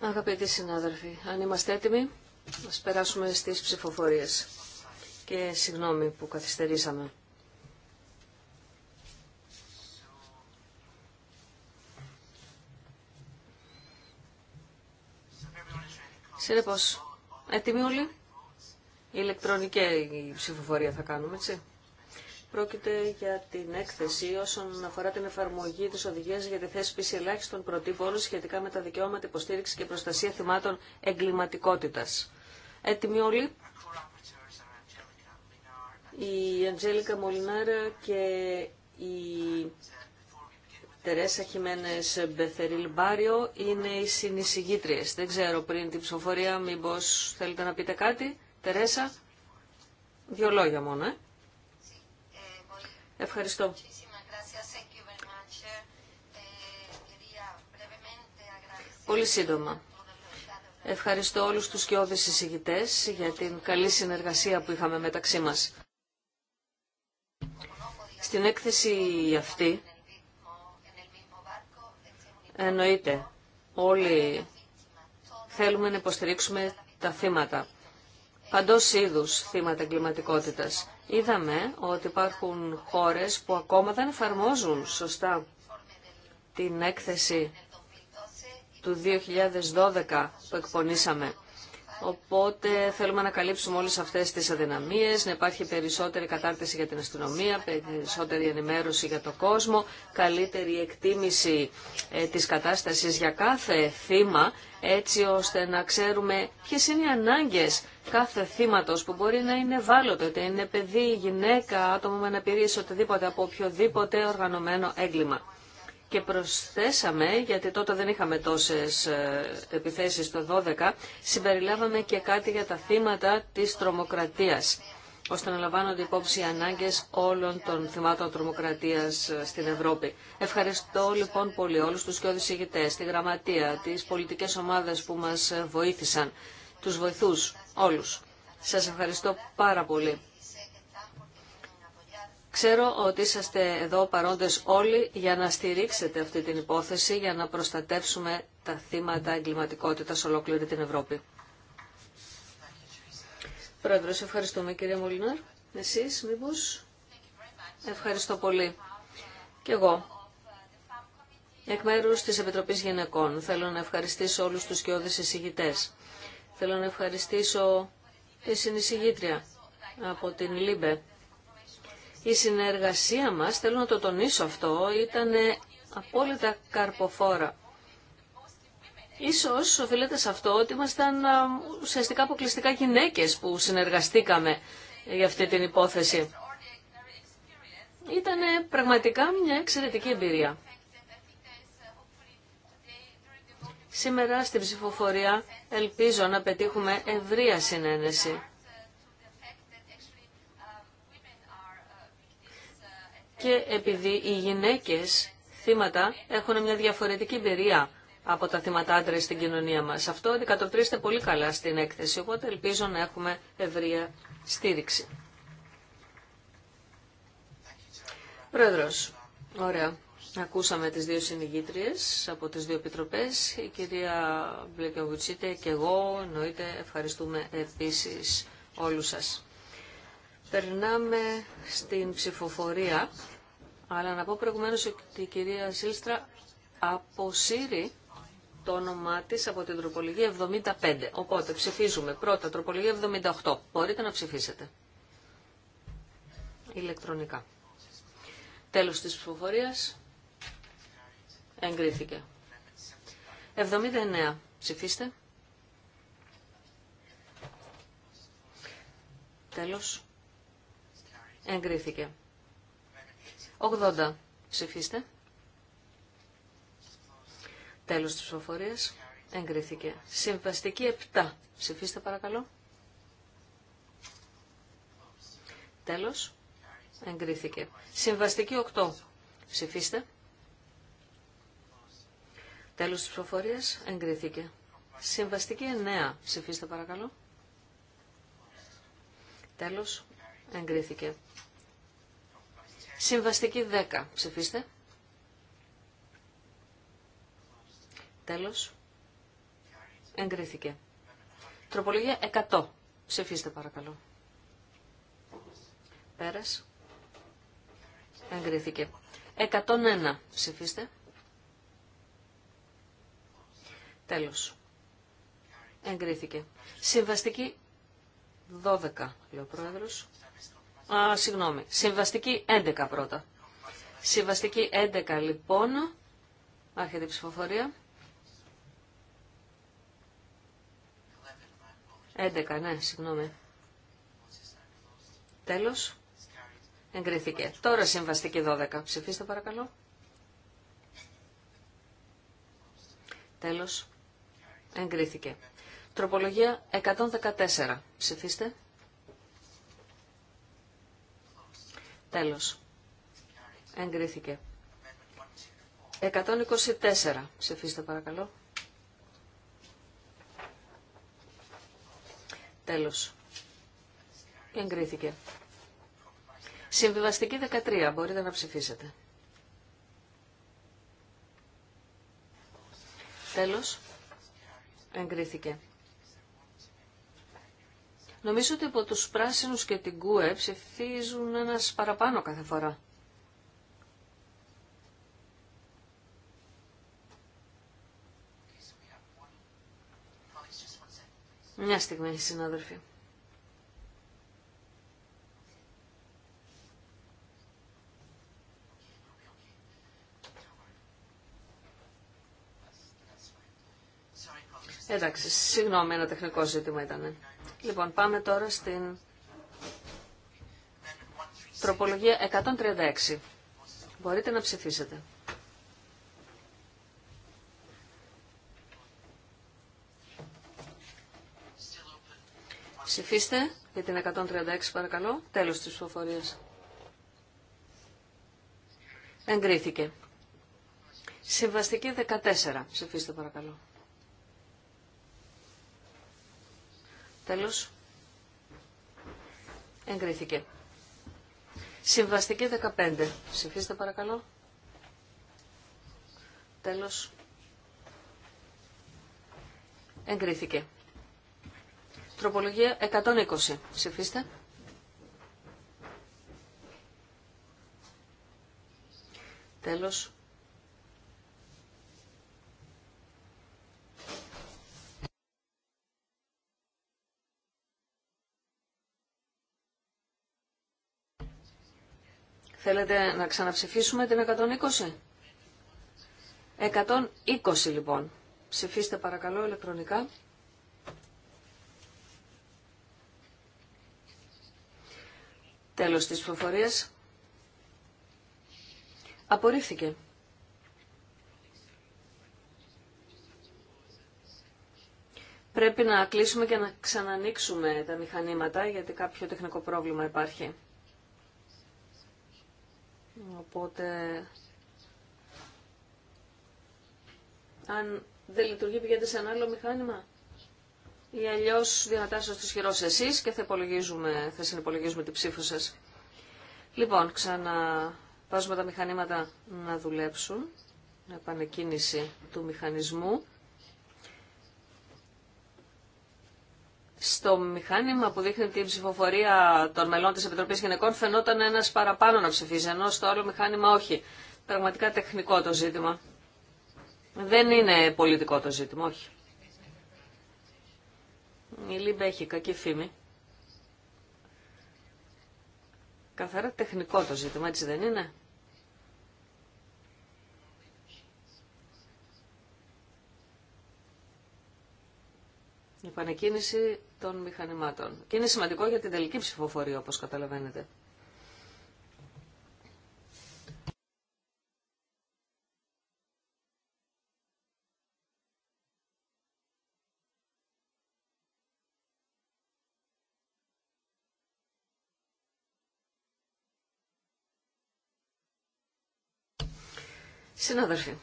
Αγαπητοί συνάδελφοι, αν είμαστε έτοιμοι, να περάσουμε στις ψηφοφορίες. Και συγγνώμη που καθυστερήσαμε. Συνεπώς, έτοιμοι όλοι. Η ηλεκτρονική ψηφοφορία θα κάνουμε, έτσι. Πρόκειται για την έκθεση όσον αφορά την εφαρμογή τη οδηγία για τη θέσπιση ελάχιστων προτύπων σχετικά με τα δικαιώματα υποστήριξη και προστασία θυμάτων εγκληματικότητα. Έτοιμοι όλοι. Η Αντζέλικα Μολινάρα και η Τερέσα Χιμένε Μπεθερίλ Μπάριο είναι οι συνεισηγήτριε. Δεν ξέρω πριν την ψηφοφορία μήπω θέλετε να πείτε κάτι. Τερέσα, δύο λόγια μόνο, ε. Ευχαριστώ. Πολύ σύντομα. Ευχαριστώ όλους τους κοιόδες εισηγητές για την καλή συνεργασία που είχαμε μεταξύ μας. Στην έκθεση αυτή εννοείται όλοι θέλουμε να υποστηρίξουμε τα θύματα, παντός είδους θύματα εγκληματικότητας είδαμε ότι υπάρχουν χώρες που ακόμα δεν εφαρμόζουν σωστά την έκθεση του 2012 που εκπονήσαμε. Οπότε θέλουμε να καλύψουμε όλες αυτές τις αδυναμίες, να υπάρχει περισσότερη κατάρτιση για την αστυνομία, περισσότερη ενημέρωση για το κόσμο, καλύτερη εκτίμηση ε, της κατάστασης για κάθε θύμα, έτσι ώστε να ξέρουμε ποιες είναι οι ανάγκες κάθε θύματος που μπορεί να είναι ευάλωτο, είτε είναι παιδί, γυναίκα, άτομο με αναπηρίες, οτιδήποτε από οποιοδήποτε οργανωμένο έγκλημα και προσθέσαμε, γιατί τότε δεν είχαμε τόσες ε, επιθέσεις το 12, συμπεριλάβαμε και κάτι για τα θύματα της τρομοκρατίας, ώστε να λαμβάνονται υπόψη οι ανάγκες όλων των θυμάτων τρομοκρατίας ε, στην Ευρώπη. Ευχαριστώ λοιπόν πολύ όλους τους και ηγητές, τη γραμματεία, τις πολιτικές ομάδες που μας ε, βοήθησαν, τους βοηθούς όλους. Σας ευχαριστώ πάρα πολύ. Ξέρω ότι είσαστε εδώ παρόντες όλοι για να στηρίξετε αυτή την υπόθεση, για να προστατεύσουμε τα θύματα εγκληματικότητας ολόκληρη την Ευρώπη. Πρόεδρος, ευχαριστούμε κύριε Μολινάρ. Εσείς μήπως. Ευχαριστώ πολύ. Και εγώ. Εκ μέρου τη Επιτροπή Γυναικών θέλω να ευχαριστήσω όλου του σκιώδει εισηγητέ. Θέλω να ευχαριστήσω τη συνεισηγήτρια από την ΛΥΜΠΕ η συνεργασία μας, θέλω να το τονίσω αυτό, ήταν απόλυτα καρποφόρα. Ίσως οφείλεται σε αυτό ότι ήμασταν ουσιαστικά αποκλειστικά γυναίκες που συνεργαστήκαμε για αυτή την υπόθεση. Ήταν πραγματικά μια εξαιρετική εμπειρία. Σήμερα στην ψηφοφορία ελπίζω να πετύχουμε ευρεία συνένεση και επειδή οι γυναίκες θύματα έχουν μια διαφορετική εμπειρία από τα θύματα άντρες στην κοινωνία μας. Αυτό αντικατοπτρίζεται πολύ καλά στην έκθεση, οπότε ελπίζω να έχουμε ευρεία στήριξη. Πρόεδρος, ωραία. Ακούσαμε τις δύο συνηγήτριες από τις δύο επιτροπές. Η κυρία Μπλεκεβουτσίτε και εγώ, εννοείται, ευχαριστούμε επίσης όλους σας. Περνάμε στην ψηφοφορία, αλλά να πω προηγουμένως ότι η κυρία Σίλστρα αποσύρει το όνομά της από την τροπολογία 75. Οπότε ψηφίζουμε πρώτα τροπολογία 78. Μπορείτε να ψηφίσετε ηλεκτρονικά. Τέλος της ψηφοφορίας εγκρίθηκε. 79. Ψηφίστε. Τέλος. Εγκρίθηκε. 80. Ψηφίστε. Τέλος της ψηφοφορίας. Εγκρίθηκε. Συμβαστική 7. Ψηφίστε παρακαλώ. Τέλος. Εγκρίθηκε. Συμβαστική 8. Ψηφίστε. Τέλος της ψηφοφορίας. Εγκρίθηκε. Συμβαστική 9. Ψηφίστε παρακαλώ. Τέλος. Εγκρίθηκε. Συμβαστική 10. Ψηφίστε. Τέλος. Εγκρίθηκε. Τροπολογία 100. Ψηφίστε παρακαλώ. Πέρας. Εγκρίθηκε. 101. Ψηφίστε. Τέλος. Εγκρίθηκε. Συμβαστική 12, λέει ο Πρόεδρος. Α, συγγνώμη. Συμβαστική 11 πρώτα. Συμβαστική 11 λοιπόν. Άρχεται η ψηφοφορία. 11, ναι, συγγνώμη. Τέλος. Εγκρίθηκε. Τώρα συμβαστική 12. Ψηφίστε παρακαλώ. Τέλος. Εγκρίθηκε. Τροπολογία 114. Ψηφίστε. Τέλος. Εγκρίθηκε. 124. Ψηφίστε παρακαλώ. Τέλος. Εγκρίθηκε. Συμβιβαστική 13. Μπορείτε να ψηφίσετε. Τέλος. Εγκρίθηκε. Νομίζω ότι από τους πράσινους και την ΚΟΕ ψηφίζουν ένας παραπάνω κάθε φορά. Μια στιγμή, συνάδελφοι. Εντάξει, συγγνώμη, ένα τεχνικό ζήτημα ήταν. Λοιπόν, πάμε τώρα στην τροπολογία 136. Μπορείτε να ψηφίσετε. Ψηφίστε για την 136 παρακαλώ. Τέλος της ψηφοφορίας. Εγκρίθηκε. Συμβαστική 14. Ψηφίστε παρακαλώ. Τέλος. Εγκρίθηκε. Συμβαστική 15. Ψηφίστε παρακαλώ. Τέλος. Εγκρίθηκε. Τροπολογία 120. Ψηφίστε. Τέλος. Θέλετε να ξαναψηφίσουμε την 120. 120 λοιπόν. Ψηφίστε παρακαλώ ηλεκτρονικά. Τέλος της προφορίας. Απορρίφθηκε. Πρέπει να κλείσουμε και να ξανανοίξουμε τα μηχανήματα γιατί κάποιο τεχνικό πρόβλημα υπάρχει. Οπότε, αν δεν λειτουργεί, πηγαίνετε σε ένα άλλο μηχάνημα. Ή αλλιώ δυνατά του χειρό εσεί και θα, υπολογίζουμε, θα συνυπολογίζουμε την ψήφο σα. Λοιπόν, ξαναβάζουμε τα μηχανήματα να δουλέψουν. Επανεκκίνηση του μηχανισμού. στο μηχάνημα που δείχνει την ψηφοφορία των μελών της Επιτροπής Γυναικών φαινόταν ένας παραπάνω να ψηφίζει, ενώ στο άλλο μηχάνημα όχι. Πραγματικά τεχνικό το ζήτημα. Δεν είναι πολιτικό το ζήτημα, όχι. Η Λίμπε έχει κακή φήμη. Καθαρά τεχνικό το ζήτημα, έτσι δεν είναι. κίνηση των μηχανημάτων. Και είναι σημαντικό για την τελική ψηφοφορία, όπως καταλαβαίνετε. Συνάδελφοι,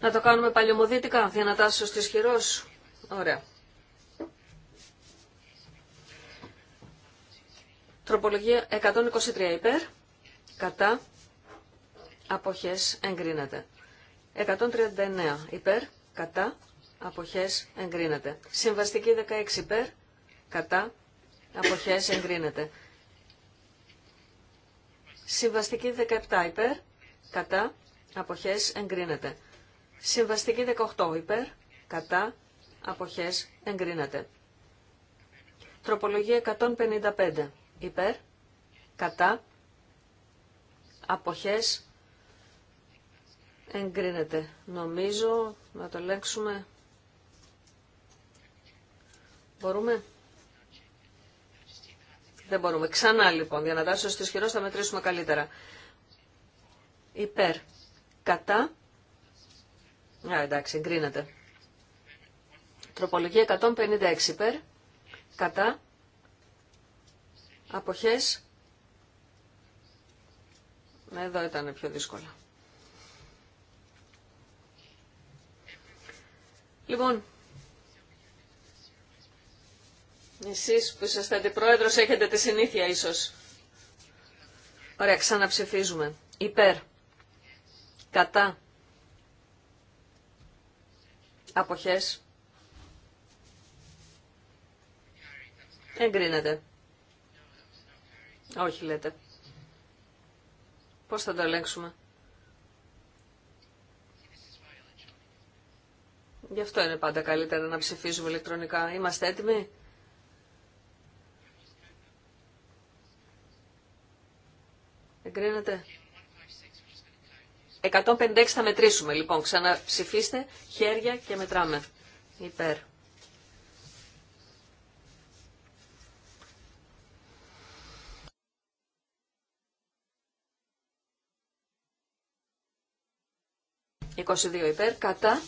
Να το κάνουμε παλιωμοδίτικα, δυνατά της χειρός. Ωραία. Τροπολογία 123 υπέρ, κατά, αποχές εγκρίνεται. 139 υπέρ, κατά, αποχές εγκρίνεται. Συμβαστική 16 υπέρ, κατά, αποχές εγκρίνεται. Συμβαστική 17 υπέρ, κατά, αποχές εγκρίνεται. Συμβαστική 18 υπέρ, κατά, αποχές, εγκρίνεται. Τροπολογία 155 υπέρ, κατά, αποχές, εγκρίνεται. Νομίζω να το λέξουμε. Μπορούμε. Δεν μπορούμε. Ξανά λοιπόν, για να δάσω στις χειρός θα μετρήσουμε καλύτερα. Υπέρ, κατά, εντάξει, εγκρίνεται. Τροπολογία 156 υπέρ, κατά, αποχές, εδώ ήταν πιο δύσκολα. Λοιπόν, εσείς που είσαστε αντιπρόεδρος έχετε τη συνήθεια ίσως. Ωραία, ξαναψηφίζουμε. Υπέρ, κατά, Αποχές. Εγκρίνεται. Όχι λέτε. Πώς θα το ελέγξουμε. Γι' αυτό είναι πάντα καλύτερα να ψηφίζουμε ηλεκτρονικά. Είμαστε έτοιμοι. Εγκρίνεται. 156 θα μετρήσουμε. Λοιπόν, ξαναψηφίστε χέρια και μετράμε. Υπέρ. «22 υπέρ, κατά,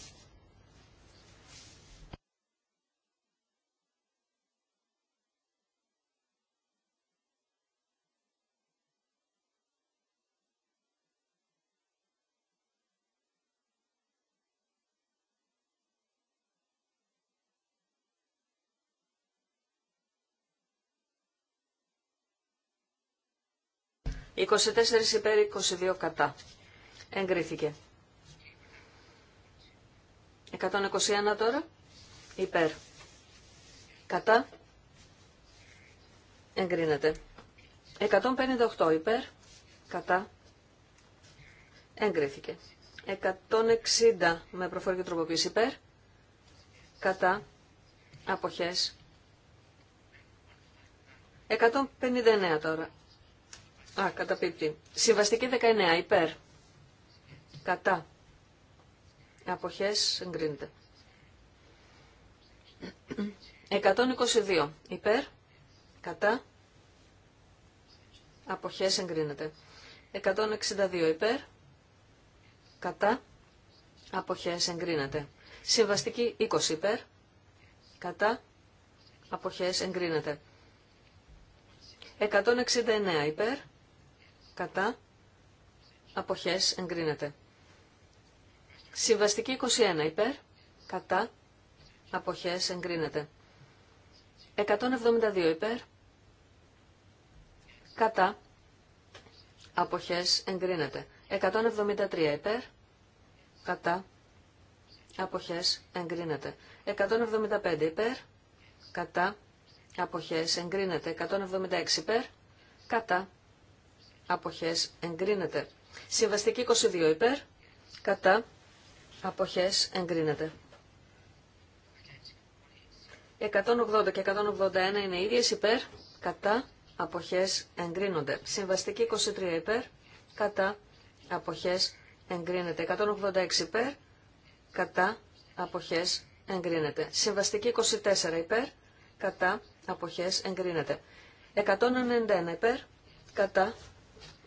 24 υπέρ 22 κατά. Εγκρίθηκε. 121 τώρα. Υπέρ. Κατά. Εγκρίνεται. 158 υπέρ. Κατά. Εγκρίθηκε. 160 με προφορική τροποποίηση υπέρ. Κατά. Αποχές. 159 τώρα. Α, καταπίπτει. Συμβαστική 19, υπέρ. Κατά. Αποχές εγκρίνεται. 122, υπέρ. Κατά. Αποχές εγκρίνεται. 162, υπέρ. Κατά. Αποχές εγκρίνεται. Συμβαστική 20 υπέρ. Κατά. Αποχές εγκρίνεται. 169 υπέρ κατά, αποχές εγκρίνεται. Συμβαστική 21 υπέρ, κατά, αποχές εγκρίνεται. 172 υπέρ, κατά, αποχές εγκρίνεται. 173 υπέρ, κατά, αποχές εγκρίνεται. 175 υπέρ, κατά, αποχές εγκρίνεται. 176 υπέρ, κατά, αποχές εγκρίνεται. Συμβαστική 22 υπέρ, κατά, αποχές εγκρίνεται. 180 και 181 είναι ίδιες υπέρ, κατά, αποχές εγκρίνονται. Συμβαστική 23 υπέρ, κατά, αποχές εγκρίνεται. 186 υπέρ, κατά, αποχές εγκρίνεται. Συμβαστική 24 υπέρ, κατά, αποχές εγκρίνεται. 191 υπέρ, κατά,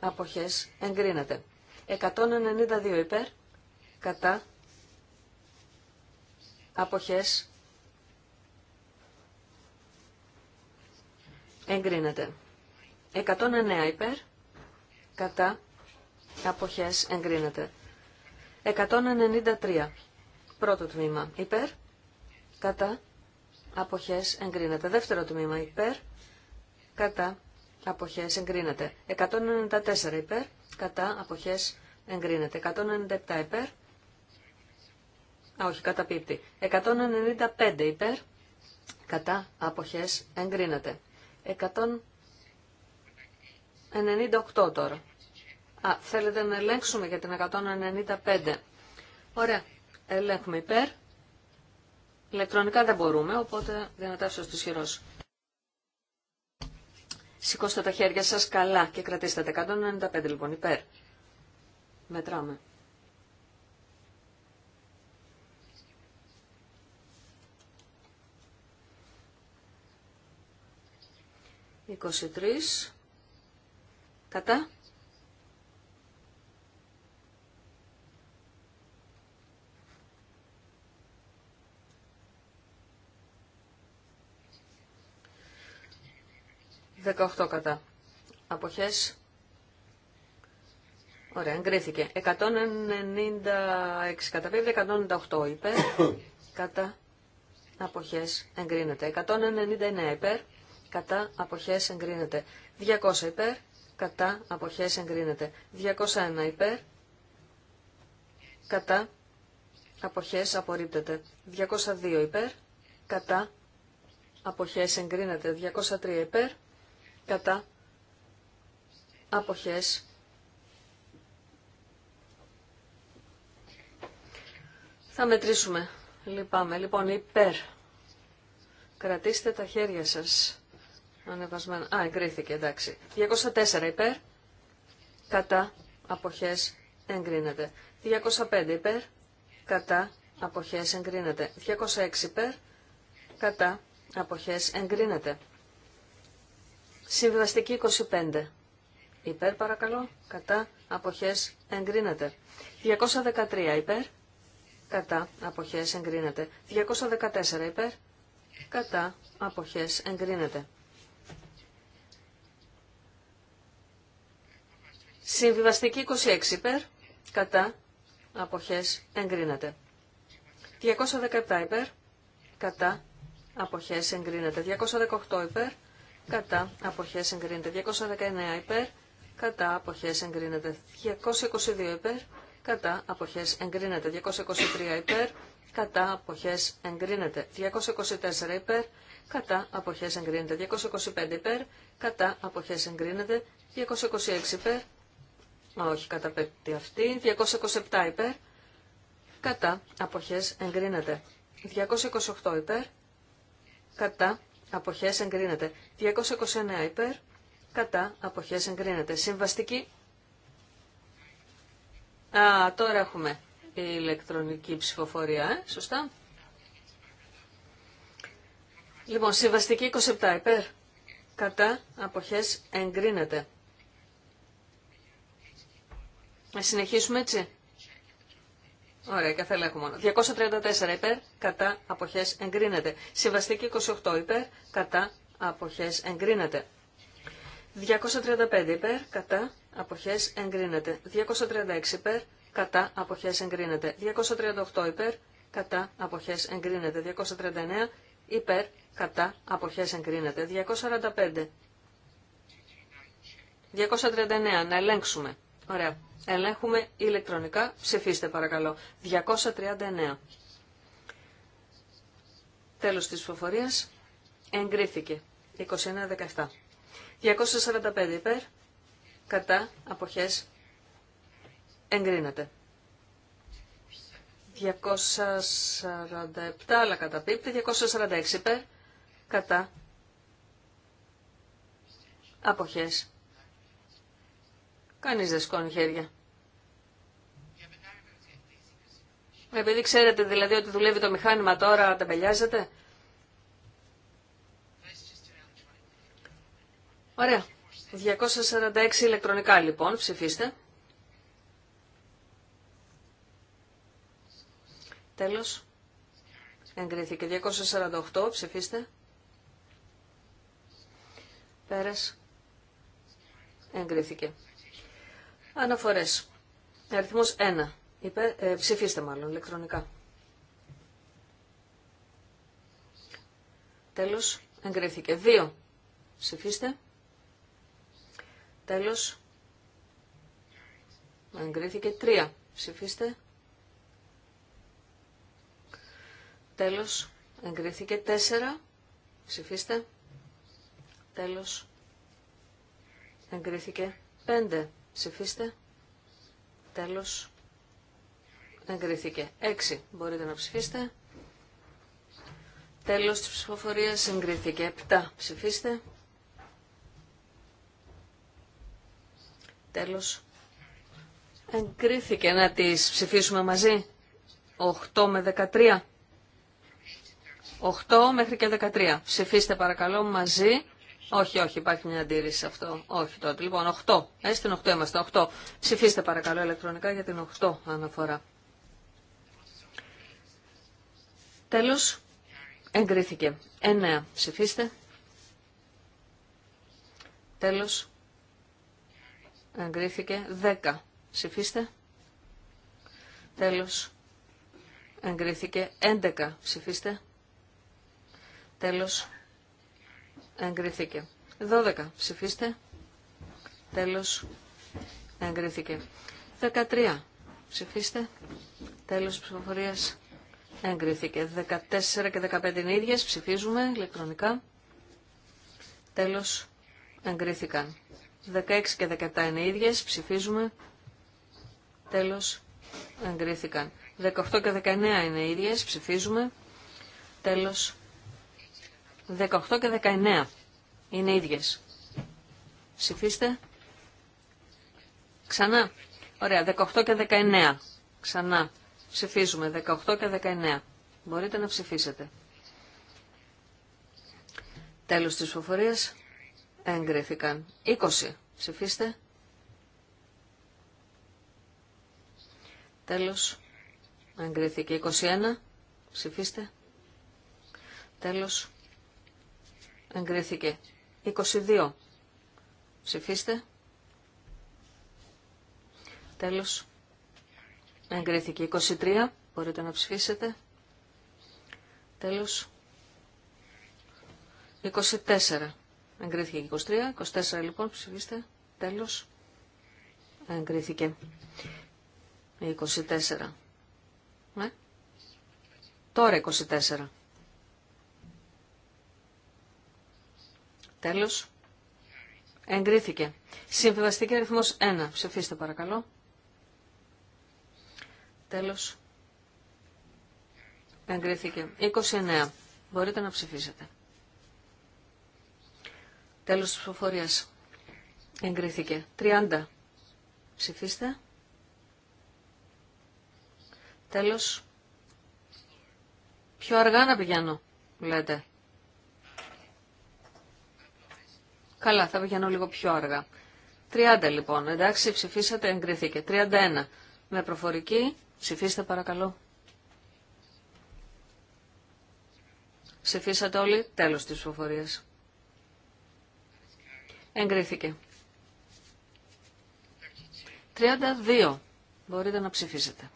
αποχές εγκρίνεται. 192 υπέρ, κατά, αποχές εγκρίνεται. 109 υπέρ, κατά, αποχές εγκρίνεται. 193 πρώτο τμήμα υπέρ, κατά, αποχές εγκρίνεται. Δεύτερο τμήμα υπέρ, κατά, αποχές εγκρίνεται. 194 υπέρ, κατά αποχές εγκρίνεται. 197 υπέρ, α όχι καταπίπτει. 195 υπέρ, κατά αποχές εγκρίνεται. 198 τώρα. Α, θέλετε να ελέγξουμε για την 195. Ωραία. Ελέγχουμε υπέρ. Ηλεκτρονικά δεν μπορούμε, οπότε δυνατά στους χειρός. Σηκώστε τα χέρια σας καλά και κρατήστε τα 195 λοιπόν υπέρ. Μετράμε. 23 κατά. 18 κατά. Αποχές. Ωραία, εγκρίθηκε. 196 κατά 198 υπέρ. κατά αποχές εγκρίνεται. 199 υπέρ. Κατά αποχές εγκρίνεται. 200 υπέρ. Κατά αποχές εγκρίνεται. 201 υπέρ. Κατά αποχές απορρίπτεται. 202 υπέρ. Κατά αποχές εγκρίνεται. 203 υπέρ κατά αποχές. Θα μετρήσουμε. Λυπάμαι. Λοιπόν, υπέρ. Κρατήστε τα χέρια σας. Ανεβασμένα. Α, εγκρίθηκε, εντάξει. 204 υπέρ. Κατά αποχές εγκρίνεται. 205 υπέρ. Κατά αποχές εγκρίνεται. 206 υπέρ. Κατά αποχές εγκρίνεται. Συμβιβαστική 25. Υπέρ παρακαλώ. Κατά. Αποχές εγκρίνεται. 213 υπέρ. Κατά. Αποχές εγκρίνεται. 214 υπέρ. Κατά. Αποχές εγκρίνεται. Συμβιβαστική 26 υπέρ. Κατά. Αποχές εγκρίνεται. 217 υπέρ. Κατά. Αποχές εγκρίνεται. 218 υπέρ κατά απόχέ εγκρίνεται 219 υπέρ, κατά αποχές εγκρίνεται 222 υπέρ, κατά απόχέ εγκρίνεται 223 υπέρ, κατά αποχές εγκρίνεται 224 υπέρ, κατά αποχές εγκρίνεται 225 υπέρ, κατά απόχέ εγκρίνεται 226 υπέρ, όχι κατά αυτή, 227 υπέρ, κατά αποχές εγκρίνεται 228 υπέρ, κατά αποχές εγκρίνεται. 229 υπέρ, κατά, αποχές εγκρίνεται. Συμβαστική. Α, τώρα έχουμε η ηλεκτρονική ψηφοφορία, ε? σωστά. Λοιπόν, συμβαστική 27 υπέρ, κατά, αποχές εγκρίνεται. Να συνεχίσουμε έτσι. Ωραία, θα έχουμε μόνο. 234 υπέρ, κατά αποχές εγκρίνεται. Συμβαστική 28 υπέρ, κατά αποχές εγκρίνεται. 235 υπέρ, κατά αποχές εγκρίνεται. 236 υπέρ, κατά αποχές εγκρίνεται. 238 υπέρ, κατά αποχές εγκρίνεται. 239 υπέρ, κατά απόχέ εγκρίνεται. 245. 239, να ελέγξουμε. Ωραία. Ελέγχουμε ηλεκτρονικά. Ψηφίστε παρακαλώ. 239. Τέλος της ψηφοφορίας. Εγκρίθηκε. 21-17. 245 υπέρ. Κατά. Αποχές. Εγκρίνεται. 247 αλλά καταπίπτει. 246 υπέρ. Κατά. Αποχές. Κανείς δεν σκόνει χέρια. Επειδή ξέρετε δηλαδή ότι δουλεύει το μηχάνημα τώρα, τα τεμπελιάζετε. Ωραία. 246 ηλεκτρονικά λοιπόν, ψηφίστε. Τέλος. Εγκρίθηκε. 248, ψηφίστε. Πέρας. Εγκρίθηκε. Αναφορές. Αριθμός 1. ε, ψηφίστε μάλλον ηλεκτρονικά. Τέλος, εγκρίθηκε. 2. Ψηφίστε. Τέλος, εγκρίθηκε. 3. Ψηφίστε. Τέλος, εγκρίθηκε. 4. Ψηφίστε. Τέλος, εγκρίθηκε. 5. Ψηφίστε. Τέλος. Εγκρίθηκε. 6. Μπορείτε να ψηφίσετε. Τέλος της ψηφοφορίας εγκρίθηκε. 7. Ψηφίστε. Τέλος. Εγκρίθηκε να τις ψηφίσουμε μαζί. 8 με 13. 8 μέχρι και 13. Ψηφίστε παρακαλώ μαζί όχι, όχι, υπάρχει μια αντίρρηση σε αυτό. Όχι τότε. Λοιπόν, 8. Ε, στην 8 είμαστε. 8. Ψηφίστε παρακαλώ ηλεκτρονικά για την 8 αναφορά. Τέλος, εγκρίθηκε. 9. Ψηφίστε. Τέλος, εγκρίθηκε. 10. Ψηφίστε. Τέλος, εγκρίθηκε. 11. Ψηφίστε. Τέλος, εγκρίθηκε. 12 ψηφίστε. Τέλος εγκρίθηκε. 13 ψηφίστε. Τέλος ψηφοφορίας εγκρίθηκε. 14 και 15 είναι ίδιες. Ψηφίζουμε ηλεκτρονικά. Τέλος εγκρίθηκαν. 16 και 17 είναι ίδιες. Ψηφίζουμε. Τέλος εγκρίθηκαν. 18 και 19 είναι ίδιες. Ψηφίζουμε. Τέλος 18 και 19 είναι ίδιες. Ψηφίστε. Ξανά. Ωραία, 18 και 19. Ξανά. Ψηφίζουμε 18 και 19. Μπορείτε να ψηφίσετε. Τέλος της ψηφοφορίας. Εγκρίθηκαν. 20. Ψηφίστε. Τέλος. Εγκρίθηκε 21. Ψηφίστε. Τέλος. Εγκρίθηκε. 22. Ψηφίστε. Τέλος. Εγκρίθηκε. 23. Μπορείτε να ψηφίσετε. Τέλος. 24. Εγκρίθηκε 23. 24 λοιπόν ψηφίστε. Τέλος. Εγκρίθηκε. 24. Ναι. Τώρα 24. Τέλος. Εγκρίθηκε. Συμβιβαστική αριθμό 1. Ψηφίστε παρακαλώ. Τέλος. Εγκρίθηκε. 29. Μπορείτε να ψηφίσετε. Τέλος της ψηφοφορίας. Εγκρίθηκε. 30. Ψηφίστε. Τέλος. Πιο αργά να πηγαίνω, λέτε. Καλά, θα πηγαίνω λίγο πιο αργά. 30 λοιπόν, εντάξει, ψηφίσατε, εγκρίθηκε. 31. Με προφορική, ψηφίστε παρακαλώ. Ψηφίσατε όλοι, τέλος της ψηφοφορίας. Εγκρίθηκε. 32. Μπορείτε να ψηφίσετε.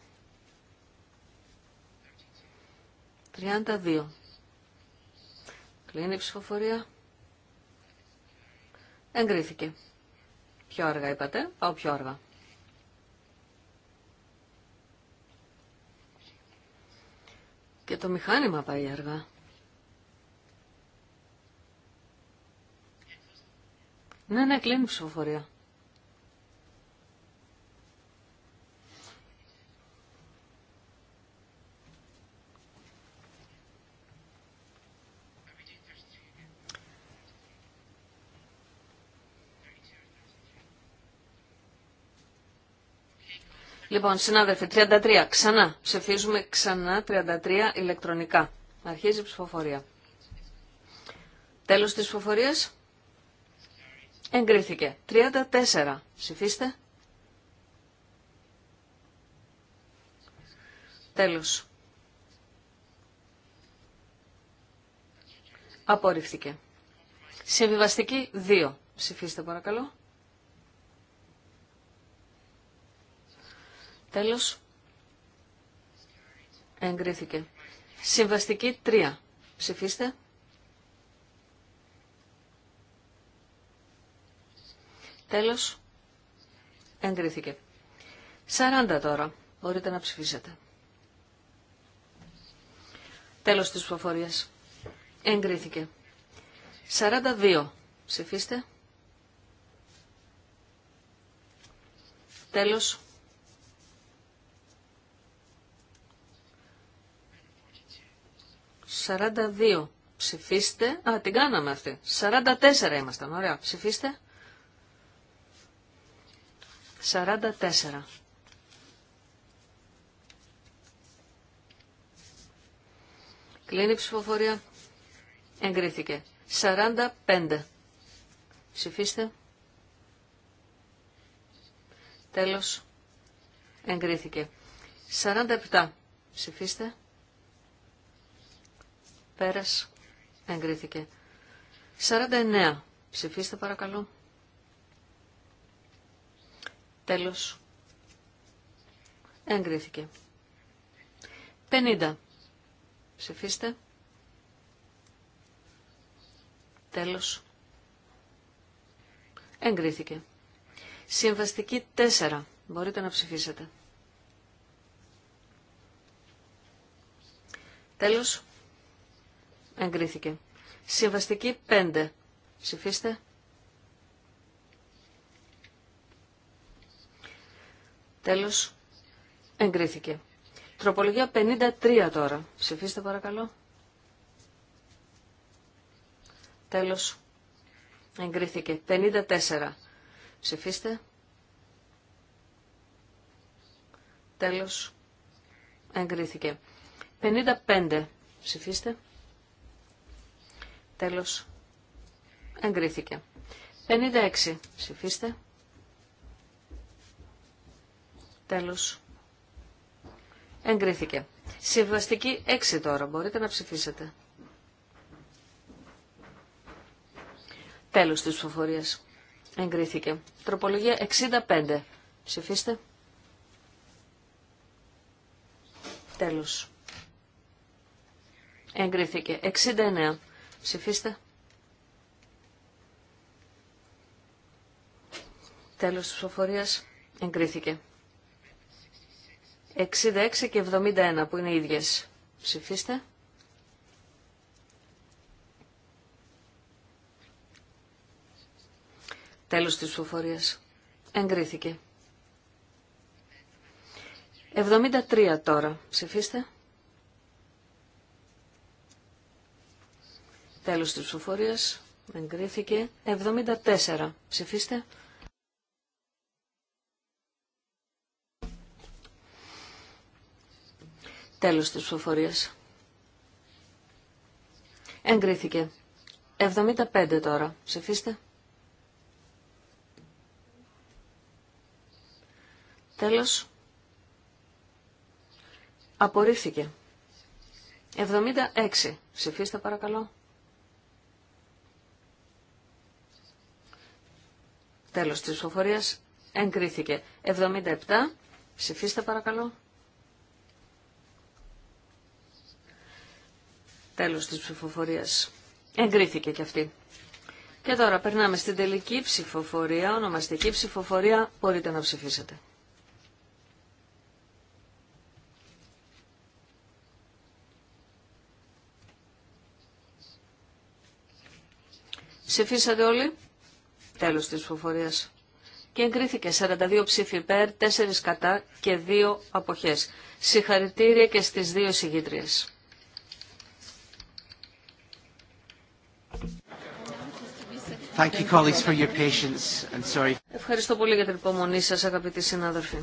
32. Κλείνει η ψηφοφορία. Εγκρίθηκε. Πιο αργά είπατε. Πάω πιο αργά. Και το μηχάνημα πάει αργά. Ναι, ναι, κλείνει η ψηφοφορία. Λοιπόν, συνάδελφοι, 33. Ξανά. Ψηφίζουμε ξανά 33 ηλεκτρονικά. Αρχίζει η ψηφοφορία. Τέλος της ψηφοφορίας. Εγκρίθηκε. 34. Ψηφίστε. Τέλος. Απορρίφθηκε. Συμβιβαστική 2. Ψηφίστε παρακαλώ. Τέλος. Εγκρίθηκε. Συμβαστική 3. Ψηφίστε. Τέλος. Εγκρίθηκε. 40 τώρα. Μπορείτε να ψηφίσετε. Τέλος της ψηφοφορίας. Εγκρίθηκε. 42. Ψηφίστε. Τέλος. 42. Ψηφίστε. Α, την κάναμε αυτή. 44 ήμασταν. Ωραία. Ψηφίστε. 44. Κλείνει η ψηφοφορία. Εγκρίθηκε. 45. Ψηφίστε. Τέλος. Εγκρίθηκε. 47. Ψηφίστε. Πέρας. Εγκρίθηκε. 49. Ψηφίστε παρακαλώ. Τέλος. Εγκρίθηκε. 50. Ψηφίστε. Τέλος. Εγκρίθηκε. Συμβαστική 4. Μπορείτε να ψηφίσετε. Τέλος. Εγκρίθηκε. Συμβαστική 5. Ψηφίστε. Τέλος. Εγκρίθηκε. Τροπολογία 53 τώρα. Ψηφίστε παρακαλώ. Τέλος. Εγκρίθηκε. 54. Ψηφίστε. Τέλος. Εγκρίθηκε. 55. Ψηφίστε. Τέλος. Εγκρίθηκε. 56. Ψηφίστε. Τέλος. Εγκρίθηκε. Συμβαστική 6 τώρα. Μπορείτε να ψηφίσετε. Τέλος της ψηφοφορίας. Εγκρίθηκε. Τροπολογία 65. Ψηφίστε. Τέλος. Εγκρίθηκε. 69. Ψηφίστε. Τέλος της ψηφοφορίας εγκρίθηκε. 66 και 71 που είναι ίδιες. Ψηφίστε. Τέλος της ψηφοφορίας. Εγκρίθηκε. 73 τώρα. Ψηφίστε. Τέλος της ψηφοφορίας. Εγκρίθηκε. 74. Ψηφίστε. Τέλος της ψηφοφορίας. Εγκρίθηκε. 75 τώρα. Ψηφίστε. Τέλος. Απορρίφθηκε. 76. Ψηφίστε παρακαλώ. Τέλος της ψηφοφορίας. Εγκρίθηκε. 77. Ψηφίστε παρακαλώ. Τέλος της ψηφοφορίας. Εγκρίθηκε και αυτή. Και τώρα περνάμε στην τελική ψηφοφορία, ονομαστική ψηφοφορία. Μπορείτε να ψηφίσετε. Ψηφίσατε όλοι. Τέλος της ψηφοφορίας. Και εγκρίθηκε 42 ψήφοι υπέρ, 4 κατά και 2 αποχές. Συγχαρητήρια και στις δύο συγγήτριες. Thank you, colleagues, for your patience. I'm sorry. Ευχαριστώ πολύ για την υπομονή σας, αγαπητοί συνάδελφοι.